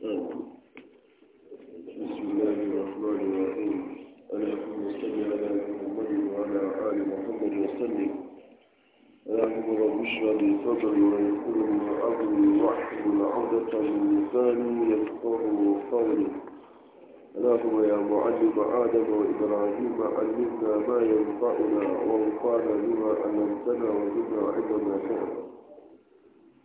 بسم الله الرحمن الرحيم أنا أكون مستمع على محمد وعلى آل محمد وسلم اللهم رب اشرح لي صدري ويسر لي أمري واحلل عقدة من لساني يفقهوا قولي يا معلم آدم وإبراهيم علمنا ما ينفعنا وانفعنا بما علمتنا وزدنا علما نافعا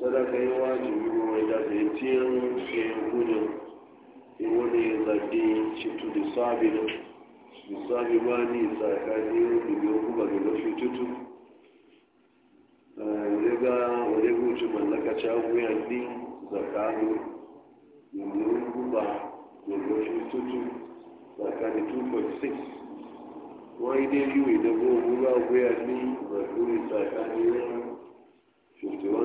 sadaka yi wajibi mai da zaitiyar ke gudun iwani zaɗi citu da sabi da misali ma ni tsakani dubi kuma ga mafi tutu daga ah, wani guci mallaka caguya ni zakani dubi kuma ga mafi tutu tsakani 2.6 wani dai yi da gobe ni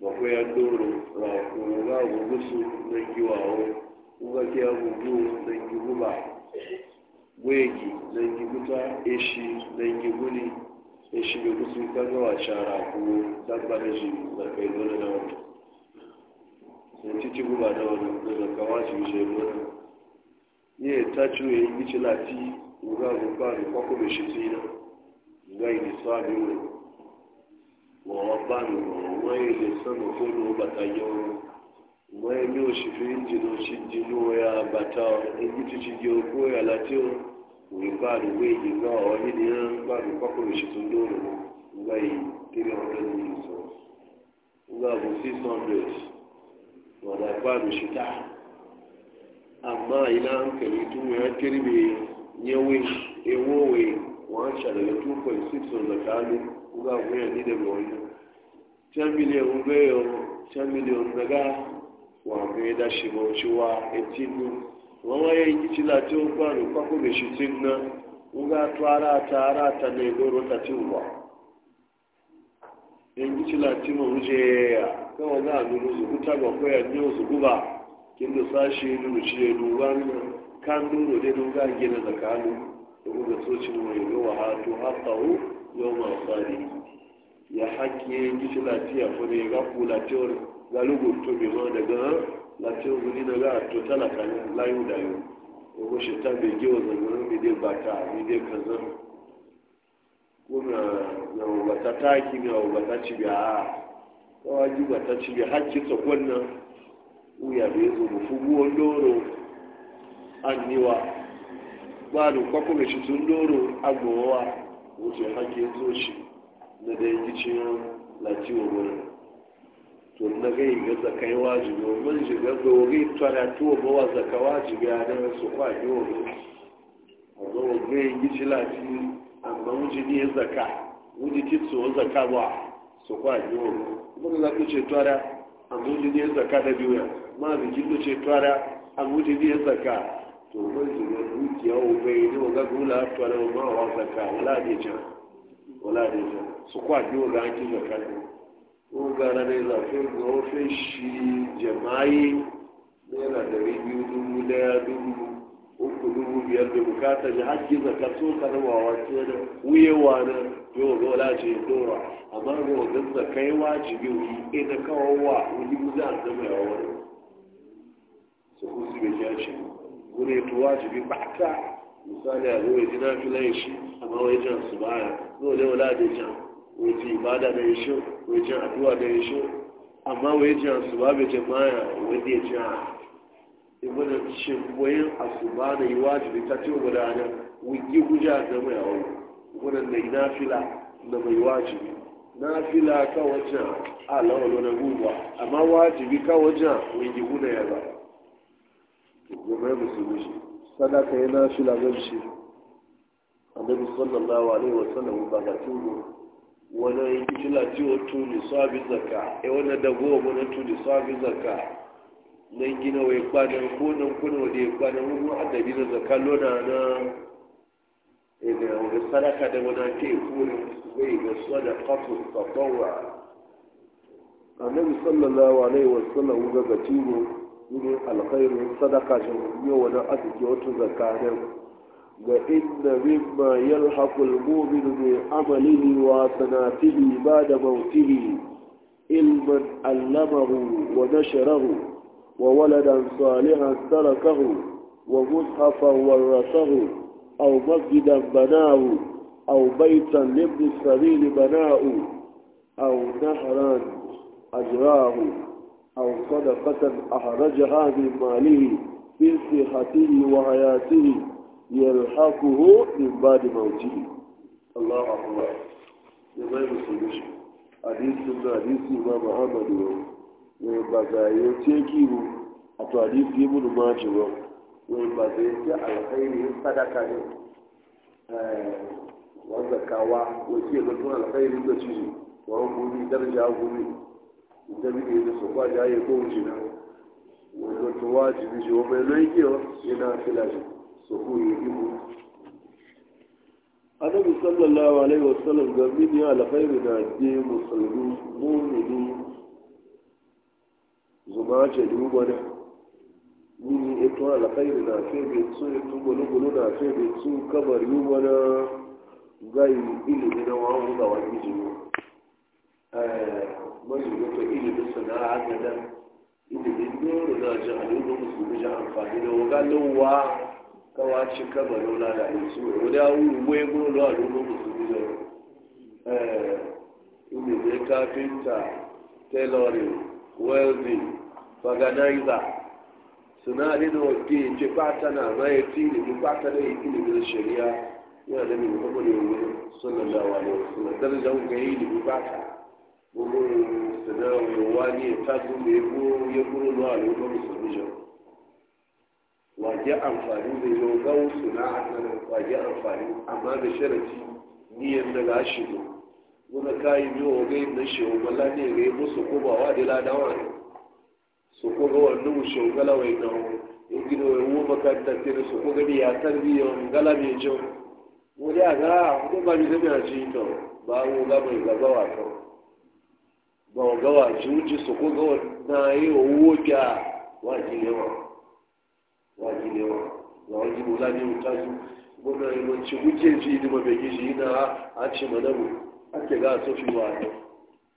makwaya doro rakuru ga gugusu don giwawo kuka ke gugu don giguba gwegi don giguta eshi don giguni eshi bai kusa ka ga wace rakuru dabba da shi da kai dole da wani sun ci ci guba da wani da kawa shi shi wani ye ta ciwo ya yi gici lati ga gugu ba shi tsina ga yi nisa biyu wọ́n bá lòrò wọ́n yìí lè sọ́nà kó ló bàtà yọ ọ́ wọ́n yìí ní oṣù fi ń jìnnà ṣì jìnnà ẹ̀ àbàtà ẹbí tó ti di ogún ẹ̀yà láti ọ́ òye bá lò wọ́n yìí náà ọ́ nínú ẹ̀ bá lò pápá oṣù tó lóòrò wọ́n yìí kéré ọ̀dọ́ ní ìsọ̀ nígbà bó sí sundays wọ́n dà bá lò ṣìtá àmọ́ iná kẹ̀lé tó wọ́n kéré mi yẹ́wé ewúwé wọ́n ṣàlẹ̀ two point six hundred uga kuya ni de boyo chamili umbeyo chamili umbaga wa mbeda shibo chiwa etinu wawa ye ikichila ti o gba ru pako be shiti na uga to ara arata ara na igoro ta ti uwa ikichila ti mo nje ya kawa ga nuru zukuta ga koya ni uzukuba kindo sashi nuru chile nuru kan nuru de nuru ga gina zakanu da kuma socin mai yawa hatu haka yau ma fari ya hake gishi lafiya fune ga ku lafiyar galugu to ma daga lafiyar guri na ga to talaka ne layu da ko shi ta bai gewa zangarin mai dai bata mai dai kaza kuna na wata taki na wata cibi a kawai ji wata cibi hakki sakon uya bai zo mafuguwan doro niwa ba da kwakwame shi sun doro agowa wuce haƙƙin zoci na da yanki ciyan wa wani to na gai ga zakai wajibi mun shiga ga wuri tara tuwa ba wa zaka wajibi a nan su kwa yi wuri a ga wuri yi ci lati amma wuce ne zaka wuce ci tsohon zaka ba su kwa yi wuri mun za ku ce tara amma wuce ne zaka da biyu ma zikin ce tara amma wuce ne zaka ne ìdìbò dúkìá òfin ní ọgágun là tọ́lá ọmọ àwọn àgbàkà ọ̀làdìjà ọ̀làdìjà sọkọ àdéhùn là ń kíjọ kájú ó gara ní ìlà fún ne ó fẹ́ ṣí jẹ̀máyé ní ìlà dẹ̀rí bí ó dúró lẹ́yà dúró ó kò dúró bí ẹ bẹ̀rù káàtà ní ájí zaka tó kàdé wà wá sí ẹ̀dá wúyẹ wà wala yóò lọ láti ìdóra àmọ́ ní ọ̀gá zaka yẹn wá mu òyì ẹ̀dá káwọn a òyìnbó dáa su àwọn sọkọ síbi a àṣẹ. wuri to wajibi bata misali a zuwa ya ji na filan shi amma wai jan su baya zuwa da wala da jan wai ji ibada da shi wai jan addu'a da shi amma wai jan su ba bai jama'a wai da jan wayan a su ba da yi wajibi ta ce gudana wuki guja da mai aure gudan da na fila da mai wajibi na fila ka wajen alawalo na guba amma wajibi ka wajen wiki guda ya ba gobe ba su sadaka yana shi lagar shi annabi sallallahu alaihi wa sallam ba ga tudu wani yanki shi lati wa tudu sabi zaka e wani dago wa wani tudu sabi zaka Na gina wai kwanan ko na kuna wa da kwanan wani adadi na zaka lona na ina e, wani sadaka da wani ke kuri bai ga sadaqatu tatawwa annabi sallallahu alaihi wa sallam ga tudu ne alkhairu sadaka shi yau wani arziki wata zakarin ga inda mimma yalhaqul mu'minu bi amalihi wa sanatihi ba'da mawtihi ilman allamahu wa nasharahu wa waladan salihan tarakahu wa mushafan warasahu aw masjidan banahu aw baitan libni sabili banahu aw nahran ajrahu أو صدقة أخرجها من ماله في صحته وحياته يلحقه من بعد موته الله أكبر يبقى مسلمش حديث سنة حديث إمام أحمد ويبقى يتيكيه أتو حديث ابن ماجه ويبقى يتيكي الخير صدقة وزكاة وكي يغلطون الخير يبقى تشيزي وهم بني درجة أبو jami'i da su kwa jaye ko wuce na wanda to da shi wa mai zai yana filashi su ku yi ibu annabi sallallahu alaihi wasallam ga mini alkhairu da je musulmi mu'mini zuma ce duba da mini ito alkhairu da ce bai su ito da su kabar na gai ilimi na da man yi wata ilimin sana'a ga nan ilimin dole na ji al'ummar musulmi ji amfani da wagalowa kawaci kama nuna da isu wani awuru wai golo al'ummar musulmi da ilimin kafinta tailoring welding organizer sana'a ne da na mai ilimin da shari'a yana da mai kuma ne wani sallallahu ga ilimin gbogbo ìṣẹ̀dá òyìn wá ní ìtajù lè kó yẹ́kúrò lọ àlè lórí sọ̀rọ̀jọ̀ wà jẹ́ àǹfààní lè yọ gáwó sùnà àtàlẹ̀ wà jẹ́ àǹfààní àmà lè ṣẹlẹ̀ tí ní ẹ̀ndà là á ṣe lọ wọn ká ibi ọ̀gẹ́ ìdá ṣe ọmọ láti èrè mú sòkóbà wà dé ládàá rẹ̀ sòkóbà wà lóhùn ṣe wọn ba wa gawa ji wuce soko gawa na yi wa woga waji lewa waji lewa na waji mu zaɓi ji ni mabe gishi ina a ce mana mu ake ga so fi wa ne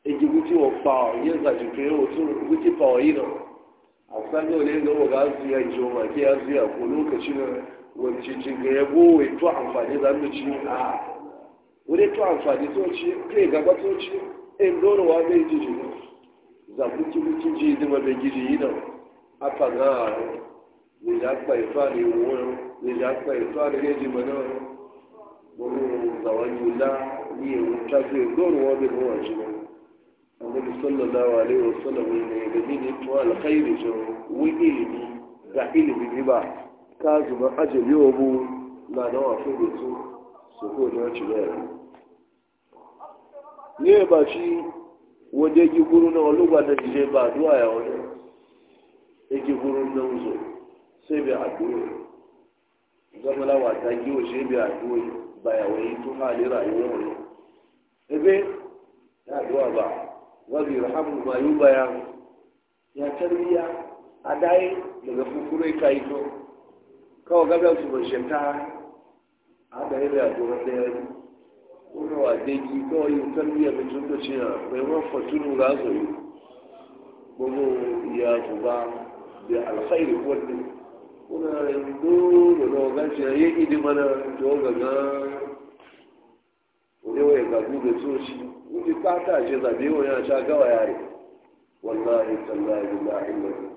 egi wuce wa fa yin zaji fiye wa tun wuce fa wa na a san ya ji wa ya su ko lokaci na wani jin ga ya amfani en doro wa be jiji za ku ci ci ji de ma be jiji ina apa na ni ja pa ifa ni wo ni ja pa ifa ni ji ma na bo za wa ni ni e ta ji doro wa be ko wa ji da sallallahu alaihi wasallam ne da ne to alkhairi jo wi ilimi ga ilimi ne ba ka zuba ajali obu na da wa su su ko da ci ye ba fi wọdé jíkúrú náà na ti ṣe bá àdúrà yà wọn ejikúrú náà ń zò ṣébi àdúrà zamala wa ta gi o ṣébi àdúrà bàyàwó yìí tó hà lè ebe ya àdúrà ba wọn bí rahamu ma yóò bá yà yà daga fúfúrú ìka kawo tó káwọn gábíà tó a ṣẹ̀ta àdáyé kuma wa degi kawai yin tarbiyyar da tun da ciya maimakon fatunu za su yi gbogbo ya zuba da alkhairi wadda kuna yin dole na wagan ciya yi idi mana ta waga na yawa ya gabu da tsoci wani fata ce zabe wa yana sha gawa yare wallahi tallahi billahi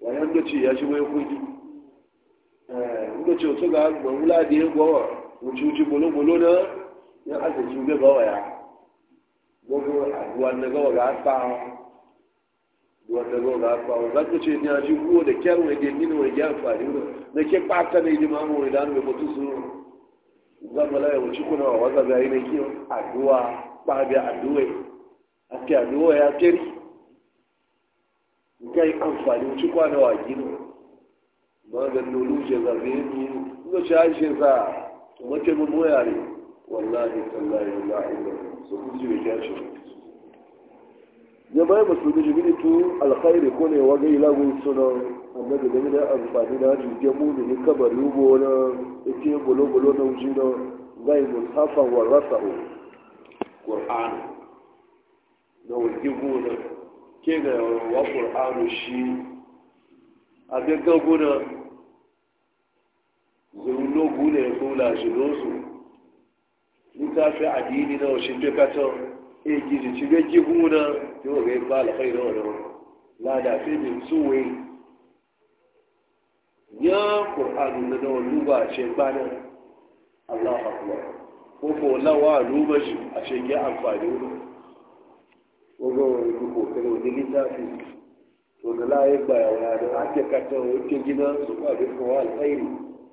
wa yanda ce ya shigo ya kuɗi da eh, ce wasu ga wula da ya gwawa wuce wuce bolo-bolo na ya asa juge bawa ya gogo wanda gawa ga aspa wanda gawa ga aspa wanda ko ce ya ji ko da kyar wai da nini wai ya fari da ke pata ne jima mu da an mutu su ga mala ya wuce kuna waza ga yin ki addu'a ba ga addu'a ake addu'a ya tiri kai amfani wuce kwana wa gino maganin lulu ce tí ne ko ce aishe sa mace wallahi tallahi la ilaha so ku ji ya shi jama'a musulmi jibili tu alkhairi ko ne waga ila gun suna amma da game da amfani da hajji je mu ne kabari ubo na ite bolo bolo na uji na gai hafa wa rasahu qur'an na wuji gona ke ga wa qur'anu shi a gaggago na zuru no gune ko la shi dosu fi adini na washin duka ta e gizi ci ga gihu na yi wa gai bala kai na wani wani lada fi min suwe ya ƙur'anu na da wani ba a ce bana Allah akwai ko ko lawa luba shi a ce ya amfani wani wani wani ko kare wani littafi to da layi baya wani da ake katon wata gina su ba da kowa alkhairi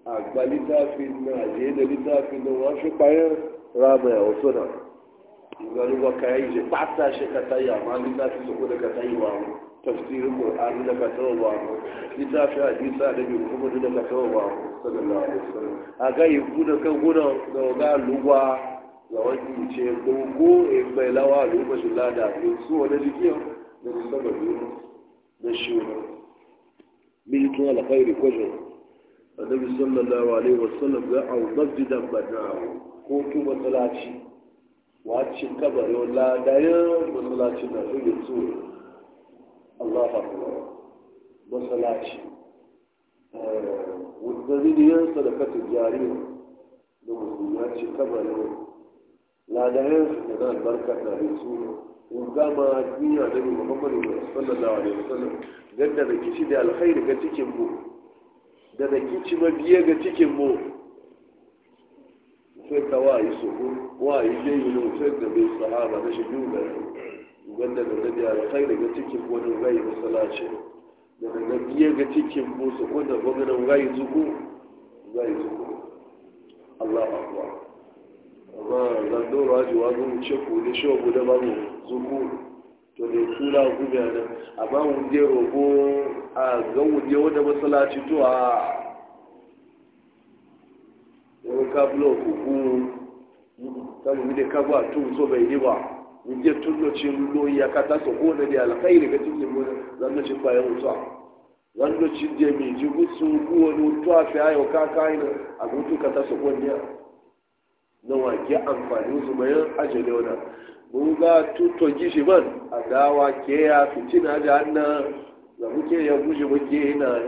a gba littafin na ajiye da littafin na wasu bayan ráàmù ya ọ̀tọ̀ náà ìgbàlúwọ̀ kàyà ìṣe pátá ṣe kàtà yà máa ní láti sọ̀kọ́ ní kàtà yìí wà wọ́n tafsirin Qur'ani da ka tawo ba mu littafi hadisa da bi kuma da ka tawo ba mu sallallahu alaihi wasallam aga yi da kan guna da ga lugwa ga wani ce gogo e bai lawa lugwa shi lada ne su wani jiki da su saba biyu da shi milkin alkhairi kwajo annabi sallallahu alaihi wasallam ga au masjidan banahu kotu masalaci wacin kabarin ladayen matsalaci na fi yanzu Allah haɗuwa matsalaci wadda zidiyar sadakatin jariya da musulmanci kabarin ladayen da zan barka da yanzu gama duniya da da sallallahu alaihi wasallam ganda da kici da alkhairi ga cikin mu da da kici mabiye ga cikin mu sai wayi suhur wayi jayyinu sai da bai sahaba na shi duba wanda da da ya sai daga cikin wani rai masallaci da daga biye ga cikin busu ko da gwamnatin rai zuku rai zuku Allah akbar amma Zando dora ji wa gun ce ko da shi ko da mu zuku to da kula gubiya nan amma mun je rogo a ga wuje wanda masallaci to a wani kabulo hukumu tamu mide kabu a tun so bai yi ba muje tun da ce ka ta so ko na da alkhairi ga cikin mu zan da ci bayan mutuwa zan da ci je mi ji gutsu ko wani mutuwa fi na a gutu ka ta so ko ne na mun ga tuto gishi man a dawa ke ya fitina da annan zabuke ya guje muke yana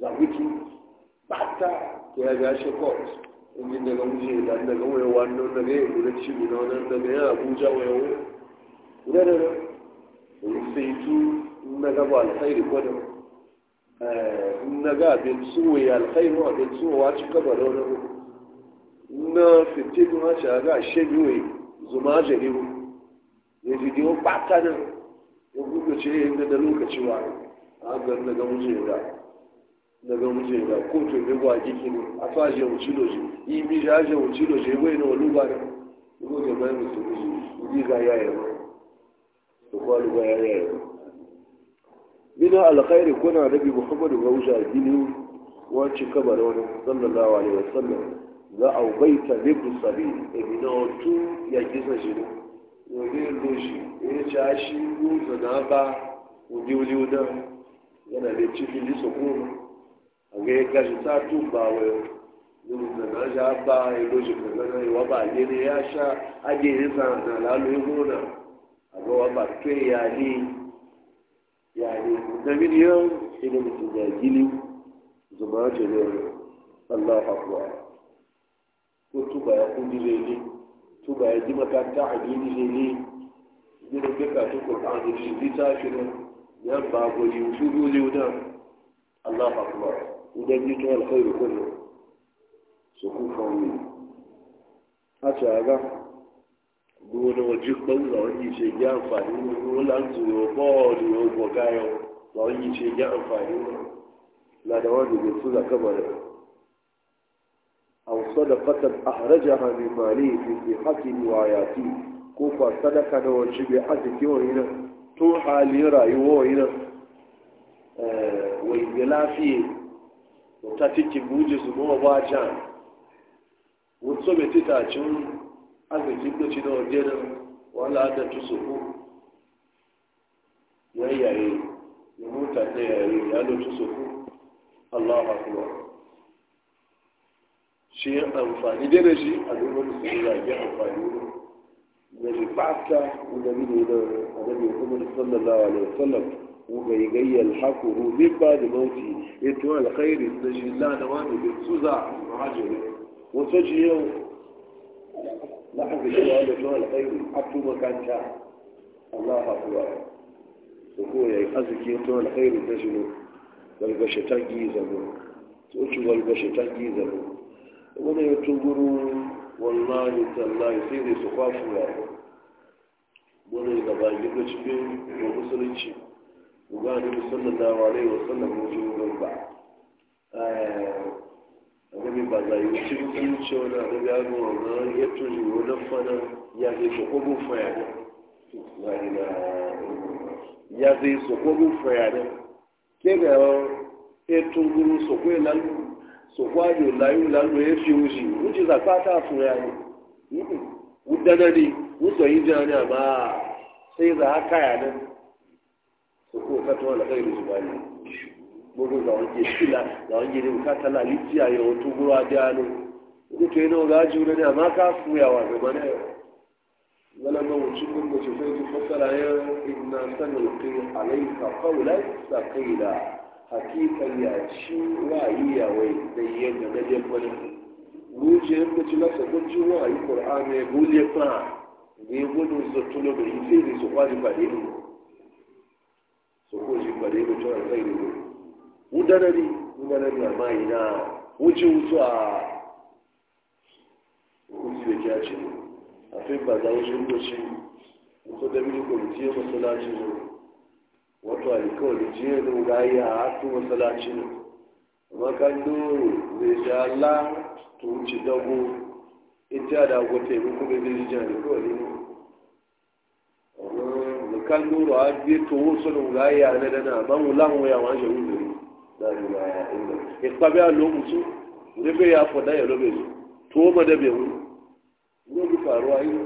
zabuki bata ya ga shi court injin daga wuce da daga waya wannan daga ya guda ci guda wannan daga ya abuja waya waya guda da nan sai tu na gaba alkhairi kwada eh, na ga abin suwa ya alkhairi wa abin suwa wa ci gaba da wani na fitin ma ci ga shege wai zuma jariru ya ji diwa ɓata nan ya gudu ce ya yi da lokaci wa a ga daga wuce da daga wuce ga kotu bai gwa kiki ne a fa je wuce loje yi bi ja je wuce loje wai na wani ba da ko ga mai musu kuji yi ga yaya ba to ko ga yaya ba bina alkhairi kuna nabi muhammadu ga wuce gini wacce kabar wani sallallahu alaihi wasallam za a baita bibu sabi ibina tu ya gisa shi ne wani loji ya ci shi ko zana ba wuli wuli wuda yana da cikin lisa goma àgbẹ̀ gàṣítà tún bá wẹ̀ lórí nàná ṣá bá ìlóṣù nàná ìwà bá yé ni yá ṣá ajé yìí sàn nà lálù ìhùn nà wà bá tó yà ní yà ní nàbí ni yóò ṣẹlẹ̀ mùsùlùmí àjílì zùmọ̀ àjọyọ̀ aláwọ̀ àbúrò ko tuba ya kundi lele tuba ya ji makanta addini lele gina duka ta Qur'ani shi littafin ya ba gori shuru ne da Allah akbar udabbitu alkhairu kullu sukufa wani hata aga gbogbo waje gbogbo àwọn yìí ṣe jẹ́ àǹfààní wọn láti rọ bọ́ọ̀lù ọgbọ̀n káyọ̀ àwọn yìí ṣe jẹ́ àǹfààní wọn ládàá wọn lè tún làkàbà rẹ̀ àwọn sọ́dọ̀ pátá àhàrẹ́jà hàn ní màálí ìfìfì hákì ní wàyà tí tati buje su goma ba can wutso bai ti tacin arziki ko ci da waje da wala da tu su ku ya yayi ya mota ta yayi ya lo tu su ku Allahu akbar shi amfani da shi a dukkan su ya amfani da da shi fa'ata da da da da da da da da da da ugaigaiya alhaku hu zai ba da mauti ya tuwa alkhairi da shi la da wani da suza a hajjiyar wasu ji na haka shi wa da tuwa a tu makanta allah su ko ya ya tuwa alkhairi da shi ne balbashi ta gi zabo su ci balbashi ta gi zabo wani ya tunguru wallahi tallahi sai dai su kwafuwa wani gaba gida cikin musulunci ga annabi sallallahu alaihi wasallam wajen wurin ba annabi ba za yi cikin zuciya wani annabi ya gama wani ya tuni wani ya zai su kogo faya ya zai su kogo faya kwe lalu ya fi wuce za ya wudana sai za a kaya òkú òkàtọ́ ọ̀làkọ́ ìlú ìbáyé gbogbo làwọn jẹ sílá làwọn jẹ níbi káta náà lè ti àyẹ̀wò tó gbúrò adé àánú nítorí iná ọ̀gá ajú rẹ àmọ́ ká fún ìyàwó àgbẹ̀mọ́ náà gbọ́dọ̀ náà wò tún gbogbo sẹ́nu òkè àlẹ́ ìka láì hakika ya ci ra'ayi ya wai zai yi yadda na je kwani wuje ko ci na sako fa da ba sokoji bare da tura kai ne ne wudanari wudanari a mai na wuce wutu a hukunci da kya ce ne a fi ba za wuce wuce wato da biyu kwamiti ya masalaci ne wato alikawali jiya da wurayi a hatu masalaci ne amma kan doro zai ji allah to wuce dago ita da gwata yi kuma zai ji jani kawai ne kallo ba je to wosu no ga ya na dana ban ulan wa ya wanje uzuri la ilaha illa e kabe a lo musu ne be ya foda ya lo be to ma da be mu ne bi a yi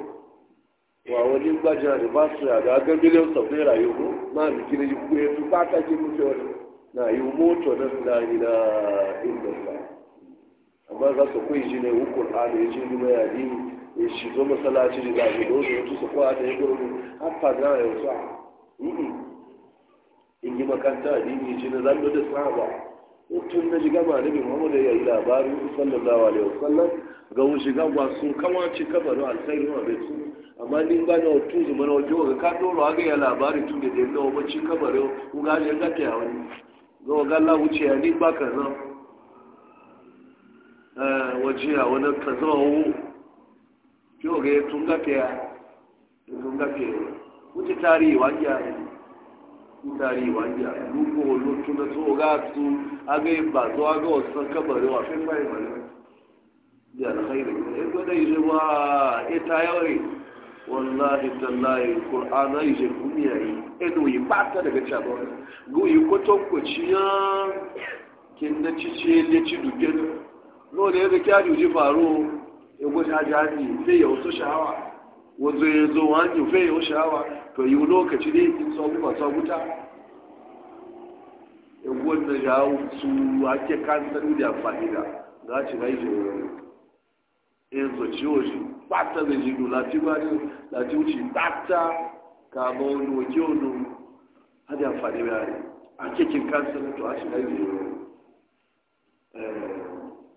wa wajen gbajiya da ba su ya ga ga miliyan sau rayu ko ma bi kire yi ku ya ba ta ke mutu wani na yi moto na la ilaha illa amma za su kai shi ne hukun alu ya ce ni ma ya ya shigo masallaci da zo da wata mutu su kowa ta yi fada har fadina ya wusa in yi makanta dini ce na zambi da sahaba mutum na shiga ma nabi muhammadu ya yi labarin da yau wasallam ga wani shiga ba su kama ci kabarin alkhairu ma bai su amma ni ba na wato zuma na wajen waga ka doro haka ya labarin tun da da yadda wa mace kabarin yau ga ajiyar gata ya wani ga waga Allah wuce ya ni ba ka zan eh, wajiya wani ka zama kyoge tungapya tungapya kuti tari wanja tari wanja luko lutuna tsoga tu age ba to age osan kabare wa fe mai mai ya alkhairi e goda yije wa e tayori wallahi tallahi qur'an yije kumiya yi e do yi pata daga chabo go yi ko to ko ciya kin ci duke no da yake kya faru ego shaji haji sai ya wasu sha'awa wanzu ya zo wani fai ya sha'awa to yi lokaci ne in sabu ba sabu ta ego na jawo su ake kan sanu da amfani da za ci rai je in zo ciwo shi pata da jiru lati ba ne lati wuce pata ka ba wani wake wani hada amfani da ake kin kan sanu to a ci rai je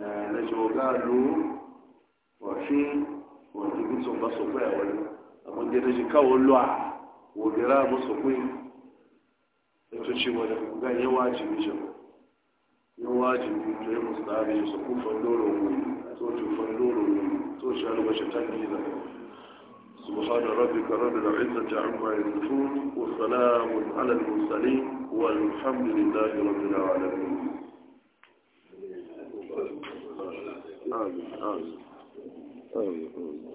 najogalu wafi wani sun ba kwaya wani abin da naji kawo luwa wogera musu kwai da ta wani ta سبحان ربك رب العزة عما يصفون وسلام على المرسلين والحمد لله رب العالمين 二月二月二月二月。